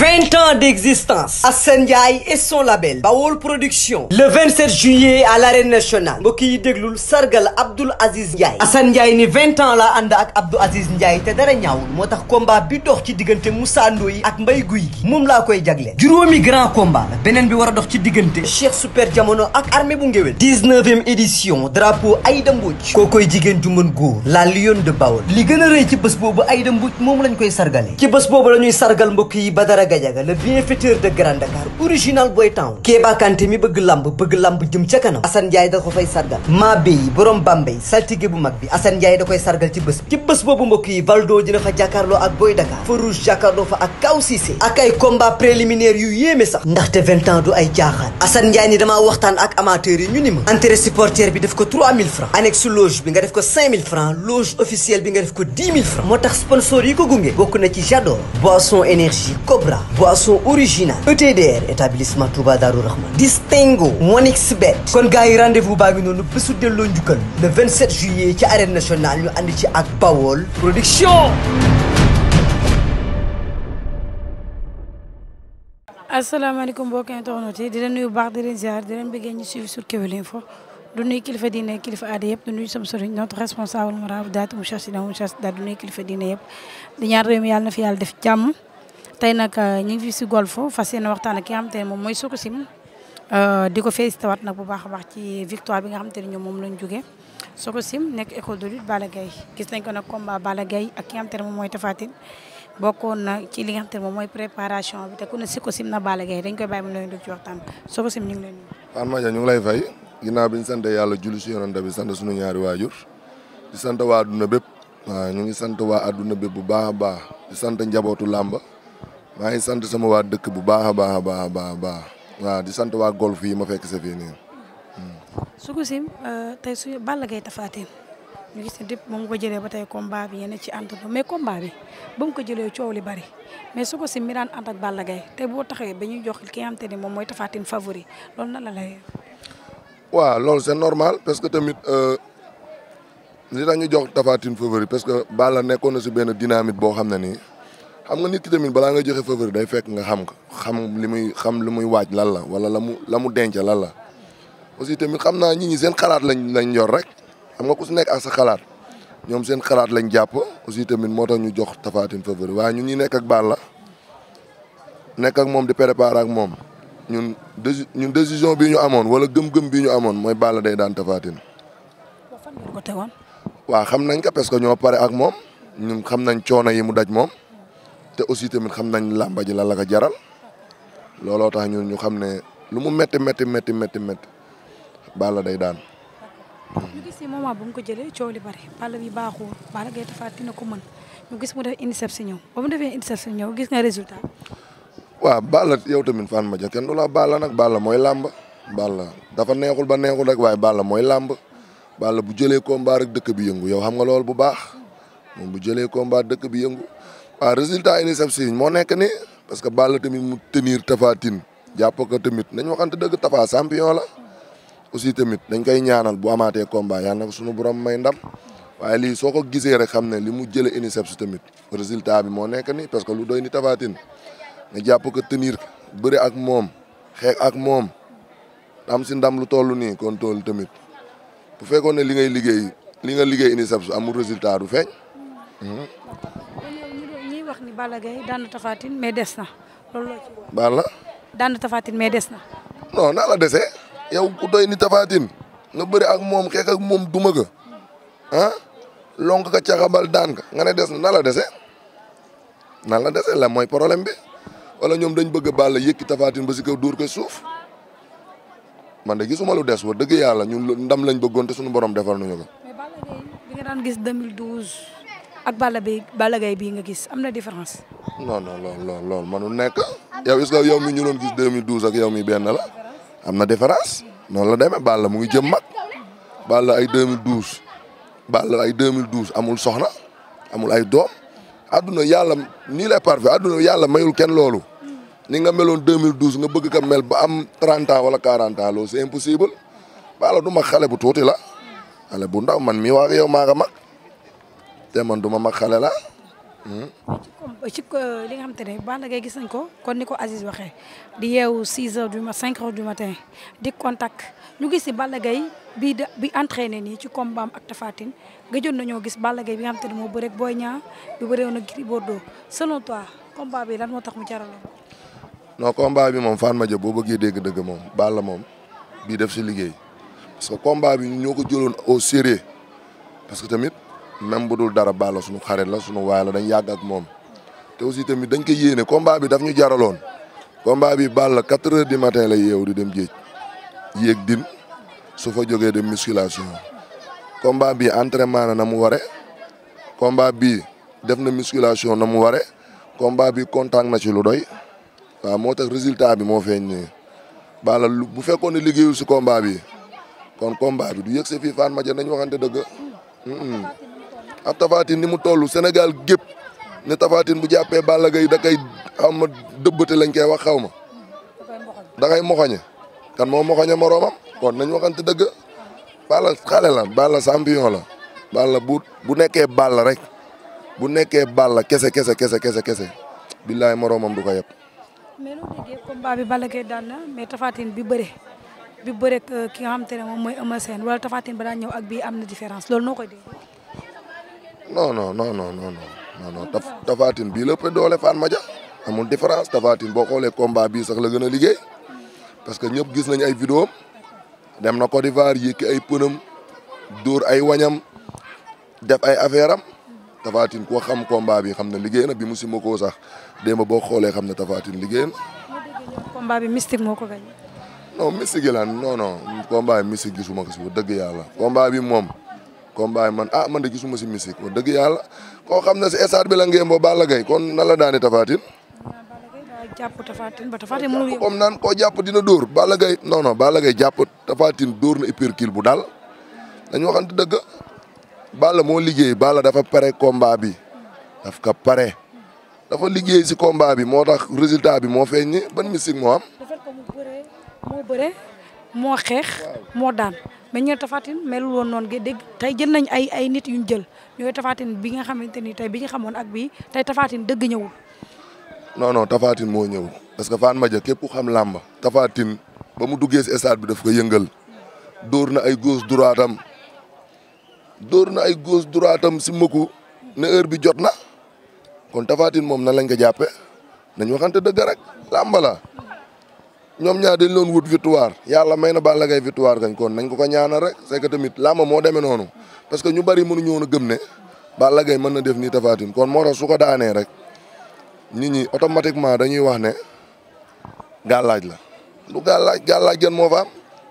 20 ans d'existence Assane Ndiaye et son label Bawol Production le 27 juillet à l'arène nationale mbokk yi déglul sargal Abdoul Aziz Ndiaye Assane Ndiaye ni 20 ans la ànd ak Abdou Aziz Ndiaye te dara ñaawul moo tax combat bi dox ci diggante Moussa Ndoye ak mbay Guy gi moom laa koy jagle juróomi grand combat beneen bi war a dox ci diggante Cheikh Super Jamono ak armée bu ngéwél 19e édition drapeau Aïda Mbodj koo koy jigéen ju mën góor la lionne de Bawol li gën a rëy ci bés boobu Aïda Mbodj moom lañ koy sargale ci bés boobu la ñuy sargal mbokk yi Badara Gadiaga le bienfaiteur de Grand Dakar original boy town Kéba mi bëgg lamb bëgg lamb jëm ca kanam Assane Ndiaye da ko fay sargal maa béy borom Bambey saltige bu mag bi Assane Ndiaye da koy sargal ci bés bi ci boobu mbokk yi Valdo dina fa jàkkaarloo ak Boy Dakar Farouche jàkkaarloo fa ak Kaw Cissé ak ay combat préliminaire yu yéeme sax ndaxte ans du ay jaaxaan Assane Ndiaye ni damaa waxtaan ak amateurs yi ñu ni ma entrée supporter bi def ko 3000 francs annexe boisson originale ETDR établissement Touba Darou Rahman Distingo Monix Bet kon gars yi rendez-vous baa ngi noonu bésu delloo njukkal le 27 juillet ci arène national ñu ànd ci ak Bawol production asalaamaaleykum mbokki internautes yi di leen baax di leen ziar di kilifa kilifa aada yëpp du nuyu sama notre responsable moral daat mu chasina daat du nuyu kilifa diine yëpp di ñaan réew mi yàlla na fi yàlla def jàmm tey nag euh, ñu ngi fi si golf fas yéene waxtaan ak ki nga xam ne moom mooy Socé Sim euh, di ko félicité waat nag bu baax a baax ci victoire bi nga xam te ne ñoom moom lañ jógee Socé Sim nekk école de lutte nañ ko nag combat Balla Gaye ak ki moom mooy Tapha Tine na ci li nga xam te moom mooy préparation bi te ku ne Socé Sim na Balla Gaye dañ koy bàyyi mu leen dugg ci waxtaan bi Socé ngi lay nuyu. Fane Madia ñu si yonent bi sant suñu ñaari waajur di sant waa adduna bépp waaw ñu ngi sant waa adduna bépp bu baax a baax di sant njabootu làmba maa ngi sant sama waa dëkk bu baax baax a baax a baax a baax waaw di sant waa golf yi ma fekk sa fii nii. su ko sim euh, tey su Balla Gaye Tapha Tine ñu gis ne dëpp ba ko jëlee ba tey combat bi ci ànd mais combat bi ba mu ko jëlee coow li bari mais su ko mi daan ànd ak Balla boo taxee ba ñuy jox ki moom mooy Tapha favori loolu na la lay. waaw loolu c'est normal parce que tamit euh, li tax ñu jox Tapha Tine favori parce que Balla nekkoon na si benn dynamique boo xam ne nii. am nga nit ki tamit balaa nga joxe favori day fekk nga xam ko xam li muy xam li muy waaj lan la wala la mu la mu lan la aussi tamit xam naa ñi ñi seen xalaat lañ lañ yor rek xam nga ku si nekk ak sa xalaat ñoom seen xalaat lañ jàpp aussi tamit moo tax ñu jox Tapha Tine favori waaye ñun ñi nekk ak Balla nekk ak moom di préparer ak moom ñun ñun décision bi ñu amoon wala gëm-gëm bi ñu amoon mooy Balla day daan Tapha waa xam nañ ko parce que ñoo pare ak moom ñu xam nañ coono yi mu daj moom te aussi tamit xam nañ làmba ji lan ko jaral looloo tax ñu xam ne lu mu métti métti métti métti métti Balla day daan. ñu gis ni moment mu ko jëlee coow li bari Balla bi baaxul Balla Gaye Tapha Tine ko mën ñu gis mu def interception ñëw ba mu defee interception ñëw gis nga résultat. waaw Balla yow tamit fan ma kenn du la Balla nag Balla mooy làmb Balla dafa neexul ba neexul rek waaye bala mooy làmb Balla bu jëlee combat rek dëkk bi yëngu yow xam nga lool bu baax moom bu jëlee combat dëkk waaw résultat INSEP moo nekk ni parce que bala tamit mu tenir Tapha Tine jàpp ko tamit nañ waxante dëgg Tapha champion la aussi tamit dañ koy ñaanal bu amaatee combat yàlla na ko suñu borom may ndam waaye lii soo ko gisee rek xam ne li mu jële INSEP tamit résultat bi moo nekk ni parce que lu doy ni Tapha Tine nga jàpp ko tenir bëri ak moom xeex ak moom am si ndam lu toll nii kon toll tamit bu fekkoon ne li ngay liggéey li nga liggéey INSEP amul résultat du feeñ. Balla Gaye daan na Tafatine mais des na loolu loo ci wax. na mais des na. non naa la dese yow ku doy ni Tafatine nga bëri ak moom ke ak moom duma ko ah lonk ka caxabal daan ka nga ne des na naa la dese naa la dese la mooy problème bi wala ñoom dañ bëgg bal Balla yëkki Tafatine ba si kaw dóor ko suuf. man gis gisuma lu des wa dëgg yàlla ñun ndam lañ bëggoon te suñu borom defal nañu ko. mais ak Balla bi Balla Gaye bii nga gis am na différence. non non lool lool lool mënul nekk yow est yow mi ñu doon gis 2012 ak yow mi benn la am na différence noonu la demee bala mu ngi jëm mag Balla ay 2012 Balla ay 2012 amul soxna amul ay doom adduna yàlla nii lay parfait adduna yàlla mayul kenn loolu ni nga meloon 2012 nga bëgg ka mel ba am 30 ans wala 40 ans loolu c'est impossible Balla du mag xale bu tuuti la xale bu ndaw man mii waa yow maa nga mag. te man duma mag xale la. ci li nga xamante ne Balla gay gis nañ ko kon ni ko Aziz waxee di yeewu 6 heures du matin di contact ñu gis si Balla Gaye bii da bi entraîné nii ci combat am ak Tapha Tine gëjoon nañoo gis bala Gaye bi nga xamante ne moo bëre ak Boy Niang bi bëreewoon ak Gris Bordeaux selon toi combat bi lan moo tax mu jaraloon. non combat bi moom fan ma jë boo bëggee dégg dëgg moom Balla moom bii def si liggéey parce que combat bi ñoo ko jëloon au sérieux parce que tamit. même bu dul dara Balla suñu xarit la suñu waay la dañ yàgg moom te aussi tamit dañ ko yéene combat bi daf ñu jaraloon combat bi Balla quatre heures du matin la yeewu di dem géej yéeg din su fa jógee dem musculation combat bi entraînement na na mu ware combat bi def na musculation na mu ware combat bi contact na ci lu doy waaw moo tax résultat bi moo feeñ nii Balla bu fekkoon ne liggéeyu si combat bi kon combat bi du yëg sa fii Fatma Dia nañu waxante dëgg. ak Tapha Tine ni mu tollu Sénégal gépp ne Tapha bu jàppee Balla Gaye da koy ma dëbbate lañ koy wax xaw ma da koy moxoñe kan moo moxoñe moroomam kon nañ waxante dëgg Balla xale la Balla champion la bu bu nekkee rek bu nekke Balla kese kese kese kese kese billaay moroomam du ko yëpp. mais nu mu déggee combat bi daan na mais Tapha bi bëre bi bëre ki nga xam te ne moom mooy Eumeu Sène wala Tapha ba daan ñëw am na différence loolu noo koy dégg. non non non non non tafaatin bii la ëpp doole Fane Madia amul différence tafaatin boo xoolee combat bii sax la gën a liggéey parce que ñëpp gis nañu ay vidéo dem na Côte d'Ivoire yékki ay pënam dóor ay wañam def ay affaire am tafaatin koo xam combat bi xam na liggéey na bi mu sima koo sax démb boo xoolee xam ne tafaatin liggéey na. combat bi mystique moo ko gañ. lan non non combat bi mystique gisuma ko si dëgg yàlla combat bi moom. combat man ah man de gisuma si mystique wax dëgg yàlla koo xam ne si stade bi la ngeen boo Balla Gaye kon nan daane tafaatin ah, jàpp naan koo jàpp dina dóor Balla Gaye non non Balla jàpp tafaatin dóor na hypercule bu daal dañu waxante dëgg Balla moo liggéey Balla dafa pare combat bi daf ka pare dafa liggéey si combat bi moo tax résultat bi moo feeñ ni ban mystique moo am. moo xeex moo daan. mais ñooy tafaatin melul woon noonu dégg tey jël nañ ay ay nit yuñ jël ñooy tafaatin bi nga xamante ni tey bi ñu xamoon ak bi tay tafaatin dëgg ñëwul. non non tafaatin moo ñëw parce que Fane Madia képp ku xam làmb tafaatin ba mu duggee si stade bi daf ko yëngal dóor na ay gauche droite am dóor na ay gauche droite am si mëku ne heure bi jot na kon tafaatin moom nan lañ ko jàppee xam waxante dëgg rek làmb ñoom ñaar dañ doon wut victoire yàlla may na Balla Gaye victoire kañ kon nañ ko ko ñaanal rek c'est que tamit làmb moo demee noonu parce que ñu bari mënuñu woon na gëm ne Balla Gaye mën na def nii Tapha Tine kon moo tax su ko daanee rek nit ñi automatiquement dañuy wax ne gaa laaj la lu gàllaaj gàllaaj gën moo fa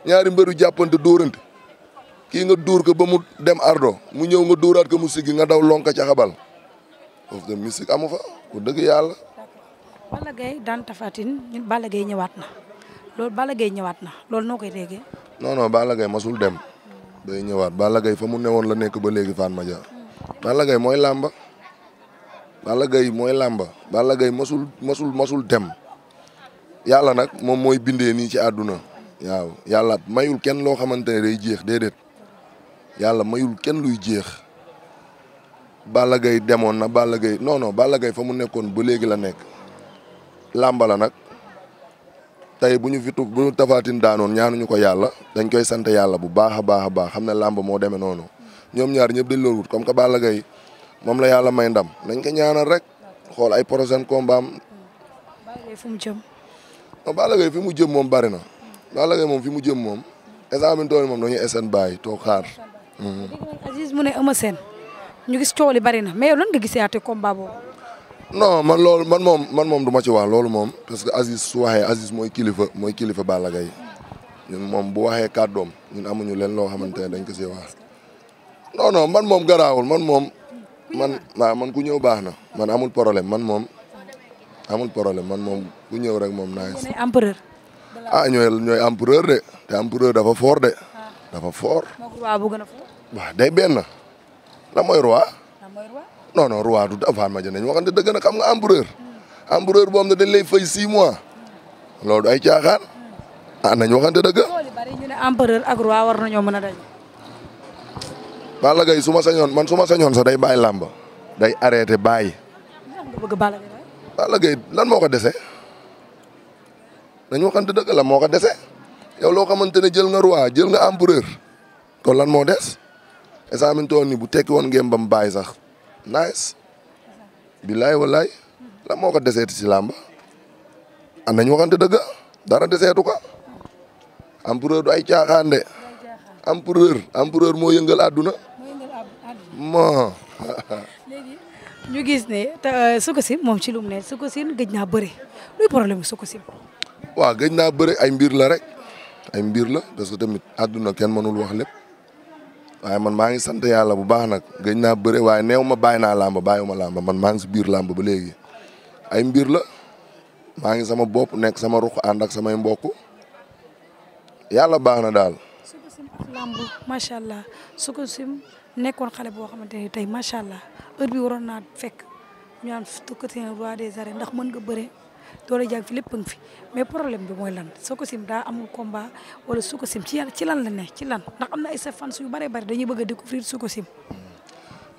ñaari mbëru jàppante dóorante kii nga dóor ko ba mu dem ardo mu ñëw nga dóoraat ko mu siggi nga daw lonka ca xabal foofu de mystique amu fa ku dëgg yàlla loolu Balla Gaye ñëwaat na loolu noo koy déggee. non non Balla masul dem. day ñëwaat Balla Gaye fa mu newoon la nekk ba léegi Fatma Dia. Balla mooy làmba. Balla Gaye mooy làmba. Balla Gaye masul masul masul dem. yàlla nag moom mooy bindee nii ci àdduna. waaw yàlla mayul kenn loo xamante ne day jeex déedéet. yàlla mayul kenn luy jeex. bala Gaye demoon na Balla Gaye non non Balla Gaye fa mu nekkoon ba léegi la nekk. làmba la nag. tey bu ñu vitu bu ñu tafaatin daanoon ñaanuñu ko yàlla dañ koy sant yàlla bu baax a baax a baax xam ne làmb moo demee noonu ñoom ñaar ñëpp dañ loolu wut kom que Balla Gaye moom la yàlla may ndam nañ ko ñaanal rek xool ay prochain combat am. Balla Gaye fi mu jëm. non Balla fi mu jëm moom bari na. Balla Gaye moom fi mu jëm moom. examen tool moom dañuy SN bàyyi toog xaar. mu ne Eumeu ñu gis coow li bari mais yow nga gisee ate combat boobu. non man loolu man moom man moom du ma ci waa loolu moom parce que Aziz su waxee Aziz mooy kilifa mooy kilifa Balla Gaye ñun moom bu waxee kàddoom ñun amuñu leen loo xamante ne dañ ko si wax non non man moom garaawul man moom man waaw man ku ñëw baax na man amul problème man moom amul problème man moom ku ñëw rek moom naa empereur ah ñooy ñooy empereur de te empereur dafa foor de dafa fort waaw day benn la mooy roi non non roi du avant ma dinañ waxante dëgg na xam nga empereur empereur boo xam ne dañ lay fay six mois loolu ay caaxaan ah nañ waxante dëgg. bari ñu ne empereur ak roi war nañoo mën a su ma sañoon man su ma sañoon sax day bàyyi lamba day arrêté bàyyi. bëgg Balla lan moo ko dese nañ waxante dëgg la moo ko dese yow loo xamante ne jël nga roi jël nga empereur kon lan moo des. examen tool ni bu tekki woon ngeen mu bàyyi sax. nice billaay wallaay la moo ko deseeti ci làmb am nañu waxante dëgg dara deseetu ko empereur du ay caaxaan de empereur empereur moo yëngal àdduna moo léegi ñu gis ne euh, Sococim moom ci lu mu ne Sococim gëj naa bëri luy problème Sococim waaw gëj naa bëri ay mbir la rek ay mbir la parce que tamit àdduna kenn mënul wax lépp waaye man maa ngi sant yàlla bu baax nag gañ naa bëre waaye neew ma bàyyi naa làmb bàyyiwuma làmb man maa ngi si biir làmb ba léegi ay mbir la maa ngi sama bopp nekk sama ruq ànd ak samay mbokk yàlla baax na daal. làmb macha allah su sim nekkoon xale boo xamante ne tey macha allah heure bi waroon naa fekk ñaan naan tukkati roi des arènes ndax mën nga bëre doole jàng fi lépp ngi fi mais problème bi mooy lan Sococim daa amul combat wala Sococim ci yan ci lan la ne ci lan ndax am na ay sa fans yu bëree bëri dañuy bëgg a découvrir Sococim.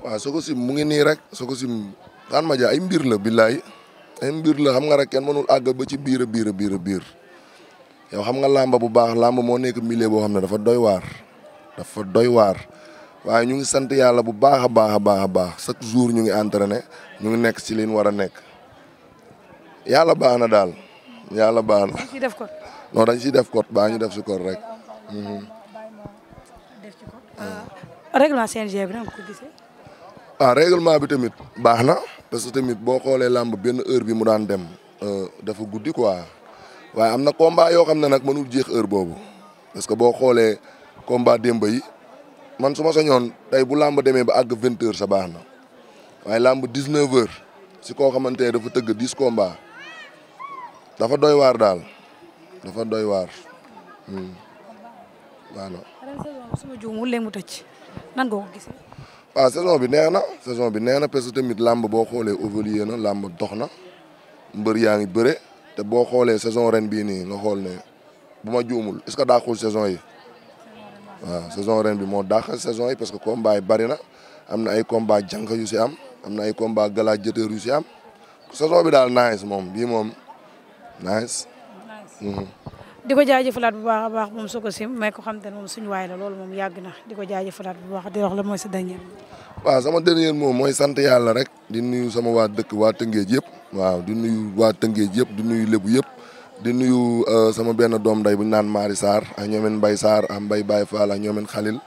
waaw Sococim mu ngi nii rek Sococim daan ma ja ay mbir la billaay ay mbir la xam nga rek kenn mënul àgg ba ci biir a biir biir a biir yow xam nga làmba bu baax làmba moo nekk milieu boo xam ne dafa doy waar dafa doy waar. waaye ñu ngi sant yàlla bu baax a baax a baax a baax chaque jour ñu ngi entraîné ñu ngi nekk ci li war a nekk. yàlla baax na daal yàlla baax na. dañ def code. non dañ siy def code baa ñu def si code rek. Mhm. Ah, règlement CNG ah, bi tamit baax na parce tamit boo xoolee làmb benn heure bi mu daan dem euh, dafa guddi quoi waaye am na combat yoo xam ne nag mënul jeex heure boobu parce que boo xoolee combat démb yi man su ma sañoon tey bu làmb demee ba àgg vingt sa baax na waaye làmb dix neuf si koo xamante ne dafa tëgg dix combat dafa doy waar daal dafa doy waar. Hmm. waaw. suma juumul léegi mu tëj saison bi neex na saison bi neex na parce que tamit làmb boo xoolee évolué na làmb dox na mbër yaa ngi bëre te boo xoolee saison ren bii nii nga xool ne bu ma juumul est que daaxul saison yi waaw saison ren bi moo daaxal saison yi parce que combat yi bari na am na ay combat jànk yu si am am na ay combat galaa jëtër yu si am saison bi daal nice moom. nice. Mm-hmm. di ko jaajëfalaat bu baax a baax moom su ko sim xam te ne moom suñu waay la loolu moom yàgg na di ko jaajëfalaat bu baax di wax mooy sa dernier waaw sama dernier moom mooy sant yàlla rek di nuyu sama waa dëkk waa Tëngéej yëpp waaw di nuyu waa Tëngéej yëpp di nuyu lébu yëpp di nuyu euh, sama benn doom day bu ñu naan Maari Sarr ak ñoomeen Mbay saar ak Mbay Baay Faal ak ñoomeen Xalil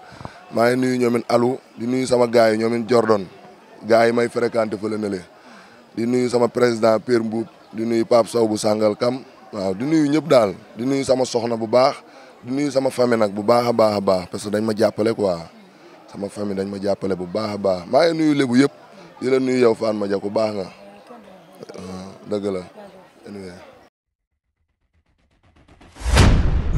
maa ngi nuyu ñoomeen Alu di nuyu sama gars yi ñoomeen Jordan gars yi may fréquenté fële na di nuyu sama président Pierre Mboup di nuyu Pape Sow bu sàngal kam waaw di nuyu ñëpp daal di nuyu sama soxna bu baax di nuyu sama famille nag bu baax a baax a baax parce que dañ ma jàppale quoi sama famille dañ ma jàppale bu baax a baax maa ngi nuyu lébu yëpp di la nuyu yow ma Dia ku baax nga dëgg la.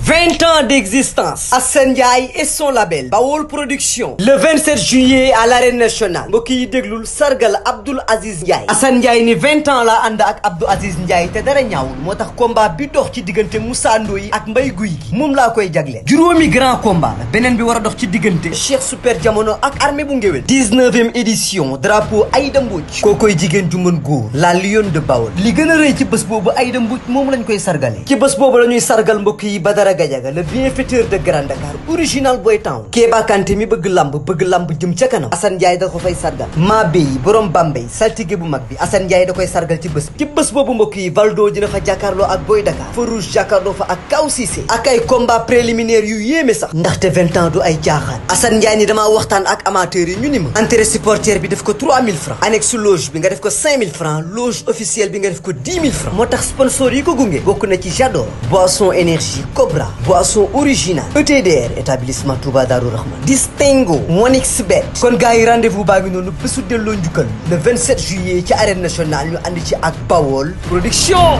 20 ans d'existence Assane Ndiaye et son label Bawol Production le 27 juillet à l'arène nationale mbokk yi déglul sargal Abdoul Aziz Ndiaye Assane Ndiaye ni 20 ans la ànd ak Abdou Aziz Ndiaye te dara ñaawul moo tax combat bi dox ci diggante Moussa Ndoye ak Mbaye Guy gi moom laa koy jagleel juróomi grand combat beneen bi war a dox ci diggante Cheikh Super Jamono ak armée bu ngéwél 19e édition drapeau Aïda Mbodj koo koy jigéen ju mën góor la lionne de Bawol li gën a rëy ci bés boobu Aïda Mbodj moom lañ koy sargale ci bés boobu la ñuy sargal mbokk yi Gadiaga le bienfaiteur de Grand Dakar original boy town Kéba mi bëgg lamb bëgg lamb jëm ca kanam Assane Ndiaye da ko fay sargal Mabé yi borom Bambey saltige bu mag bi Assane Ndiaye da koy sargal ci bés boobu mbokk yi Valdo dina fa jàkkaarloo ak Boy Dakar Farouche jàkkaarloo fa ak Kaw Cissé ak ay combat préliminaire yu yéeme sax ndaxte ans du ay jaaxaan Assane Ndiaye ni damaa waxtaan ak amateurs yi ñu ni ma entrée supporter bi def ko 3000 francs annexe cola boisson originale ETDR établissement Touba Darou Rahman Distingo 1xBet kon gars yi rendez-vous baa ngi noonu bésu delloo njukkal le 27 juillet ci arène nationale ñu ànd ci ak Bawol production